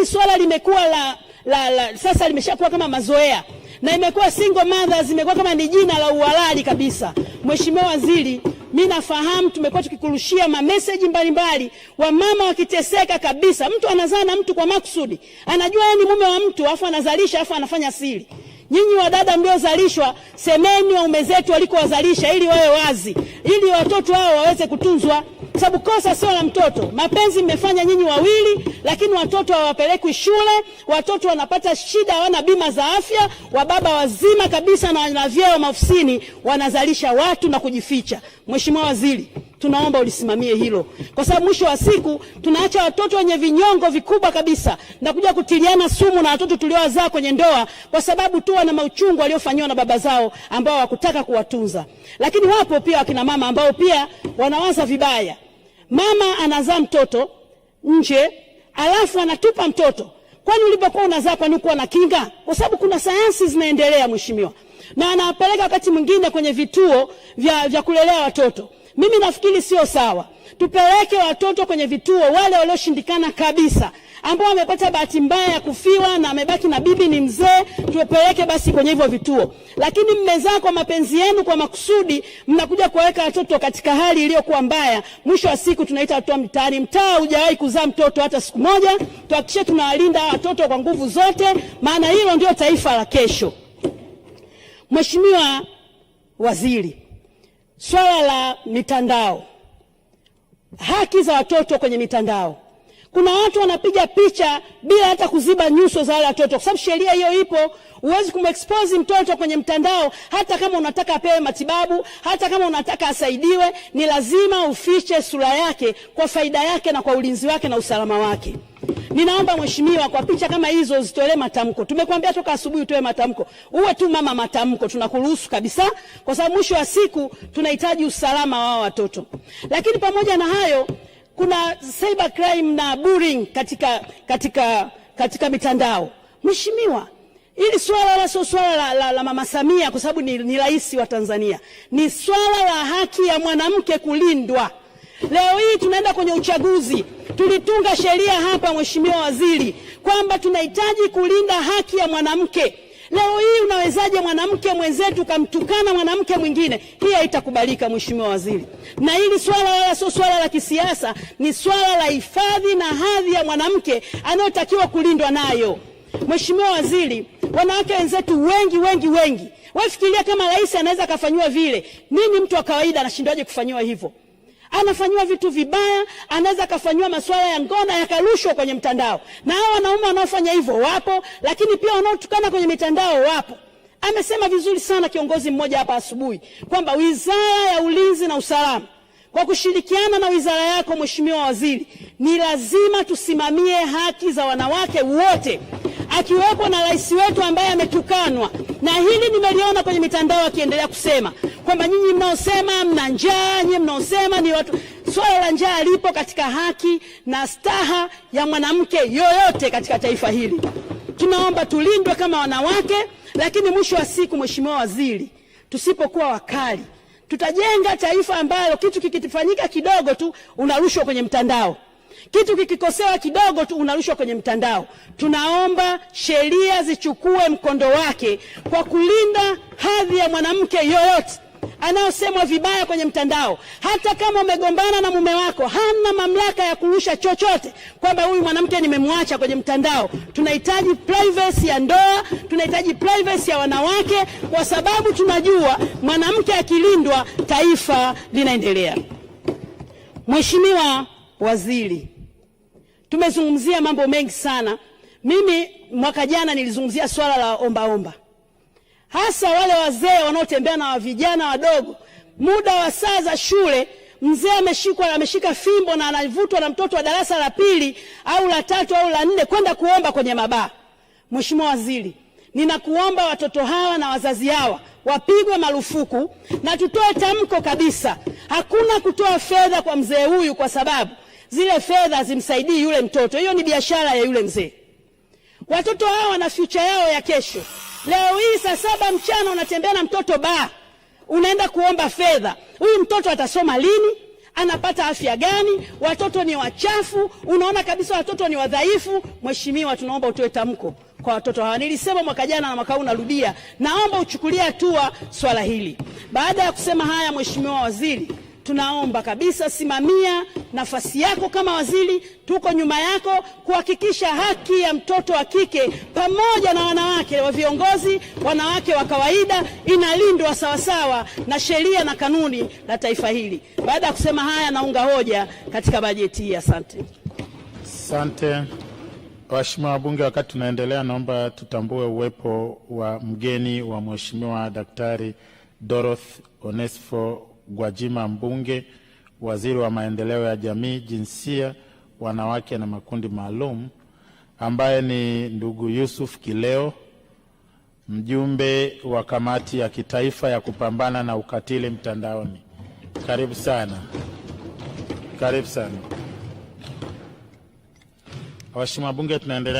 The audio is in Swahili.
hili swala limekuwa la, la, la sasa limeshakuwa kama mazoea na imekuwa single mothers imekuwa kama ni jina la uhalali kabisa. Mheshimiwa Waziri, mi nafahamu tumekuwa tukikurushia mameseji mbalimbali, wamama wakiteseka kabisa. Mtu anazaa na mtu kwa makusudi, anajua yeye ni mume wa mtu, afu anazalisha, afu anafanya siri. Nyinyi wadada mliozalishwa, semeni waume zetu waliko wazalisha, ili wawe wazi, ili watoto hao waweze kutunzwa kwa sababu kosa sio la mtoto. Mapenzi mmefanya nyinyi wawili, lakini watoto hawapelekwi shule, watoto wanapata shida, hawana bima za afya, wababa wazima kabisa na wana vyeo maofisini wanazalisha watu na kujificha. Mheshimiwa Waziri, tunaomba ulisimamie hilo, kwa sababu mwisho wa siku tunaacha watoto wenye vinyongo vikubwa kabisa na kuja kutiliana sumu na watoto tuliowazaa kwenye ndoa, kwa sababu tu wana mauchungu waliofanyiwa na baba zao ambao hawakutaka kuwatunza. Lakini wapo pia wakina mama ambao pia wanawaza vibaya mama anazaa mtoto nje, alafu anatupa mtoto. Kwani ulipokuwa unazaa, kwani ukuwa na kinga? Kwa sababu kuna sayansi zinaendelea, mheshimiwa, na anawapeleka wakati mwingine kwenye vituo vya, vya kulelea watoto. Mimi nafikiri sio sawa, tupeleke watoto kwenye vituo, wale walioshindikana kabisa ambao amepata bahati mbaya ya kufiwa na amebaki na bibi ni mzee, tupeleke basi kwenye hivyo vituo. Lakini mmezaa kwa mapenzi yenu, kwa makusudi, mnakuja kuwaweka watoto katika hali iliyokuwa mbaya. Mwisho wa siku tunaita watoto mtaani. Mtaa hujawahi kuzaa mtoto hata siku moja. Tuhakikishe tunawalinda watoto kwa nguvu zote, maana hilo ndio taifa la kesho. Mheshimiwa Waziri, swala la mitandao, haki za watoto kwenye mitandao kuna watu wanapiga picha bila hata kuziba nyuso za wale watoto, kwa sababu sheria hiyo ipo. Huwezi kumexpose mtoto kwenye mtandao, hata kama unataka apewe matibabu, hata kama unataka asaidiwe, ni lazima ufiche sura yake kwa faida yake na kwa ulinzi wake na usalama wake. Ninaomba mheshimiwa, kwa picha kama hizo zitolee matamko. Tumekuambia toka asubuhi utoe matamko, uwe tu mama matamko, tunakuruhusu kabisa, kwa sababu mwisho wa siku tunahitaji usalama wa watoto. Lakini pamoja na hayo kuna cyber crime na bullying katika, katika, katika mitandao. Mheshimiwa, hili swala la sio swala la, la, la Mama Samia kwa sababu ni rais wa Tanzania, ni swala la haki ya mwanamke kulindwa. Leo hii tunaenda kwenye uchaguzi, tulitunga sheria hapa, Mheshimiwa Waziri, kwamba tunahitaji kulinda haki ya mwanamke. Leo hii unawezaje mwanamke mwenzetu kamtukana mwanamke mwingine? Hii haitakubalika Mheshimiwa Waziri, na hili swala wala sio swala la kisiasa, ni swala la hifadhi na hadhi ya mwanamke anayotakiwa kulindwa nayo. Mheshimiwa Waziri, wanawake wenzetu wengi wengi wengi, wafikiria kama rais anaweza akafanyiwa vile, nini mtu wa kawaida anashindwaje kufanyiwa hivyo? anafanyiwa vitu vibaya, anaweza akafanyiwa masuala ya ngono yakarushwa kwenye mtandao, na hao wanaume wanaofanya hivyo wapo, lakini pia wanaotukana kwenye mitandao wapo. Amesema vizuri sana kiongozi mmoja hapa asubuhi kwamba Wizara ya Ulinzi na Usalama kwa kushirikiana na wizara yako Mheshimiwa Waziri, ni lazima tusimamie haki za wanawake wote, akiwepo na rais wetu ambaye ametukanwa, na hili nimeliona kwenye mitandao akiendelea kusema kwamba nyinyi mnaosema mna njaa, nyinyi mnaosema ni watu, swala la njaa lipo katika haki na staha ya mwanamke yoyote katika taifa hili. Tunaomba tulindwe kama wanawake, lakini mwisho wa siku, Mheshimiwa Waziri, tusipokuwa wakali tutajenga taifa ambalo kitu kikifanyika kidogo tu unarushwa kwenye mtandao, kitu kikikosewa kidogo tu unarushwa kwenye mtandao. Tunaomba sheria zichukue mkondo wake kwa kulinda hadhi ya mwanamke yoyote anayosemwa vibaya kwenye mtandao, hata kama umegombana na mume wako, hana mamlaka ya kurusha chochote kwamba huyu mwanamke nimemwacha kwenye mtandao. Tunahitaji privacy ya ndoa, tunahitaji privacy ya wanawake, kwa sababu tunajua mwanamke akilindwa, taifa linaendelea. Mheshimiwa Waziri, tumezungumzia mambo mengi sana. Mimi mwaka jana nilizungumzia swala la ombaomba omba hasa wale wazee wanaotembea na vijana wadogo. Muda wa saa za shule, mzee ameshikwa, ameshika fimbo na anavutwa na mtoto wa darasa la pili au la tatu au la nne kwenda kuomba kwenye mabaa. Mheshimiwa Waziri, ninakuomba watoto hawa na wazazi hawa wapigwe marufuku na tutoe tamko kabisa, hakuna kutoa fedha kwa mzee huyu, kwa sababu zile fedha hazimsaidii yule mtoto. Hiyo ni biashara ya yule mzee. Watoto hawa wana future yao ya kesho. Leo hii saa saba mchana unatembea na mtoto ba unaenda kuomba fedha. Huyu mtoto atasoma lini? Anapata afya gani? Watoto ni wachafu, unaona kabisa watoto ni wadhaifu. Mheshimiwa, tunaomba utoe tamko kwa watoto hawa. Nilisema mwaka jana na mwaka huu narudia, naomba uchukulie hatua swala hili. Baada ya kusema haya, Mheshimiwa Waziri, tunaomba kabisa, simamia nafasi yako kama waziri, tuko nyuma yako kuhakikisha haki ya mtoto wa kike pamoja na wanawake wa viongozi, wanawake wa kawaida inalindwa sawasawa na sheria na kanuni la taifa hili. Baada ya kusema haya, naunga hoja katika bajeti hii. Asante. Asante waheshimiwa wabunge, wakati tunaendelea, naomba tutambue uwepo wa mgeni wa Mheshimiwa Daktari Dorothy Onesfo Gwajima Mbunge, waziri wa maendeleo ya jamii, jinsia, wanawake na makundi maalum, ambaye ni ndugu Yusuf Kileo, mjumbe wa kamati ya kitaifa ya kupambana na ukatili mtandaoni. Karibu sana, karibu sana waheshimiwa tunaendelea.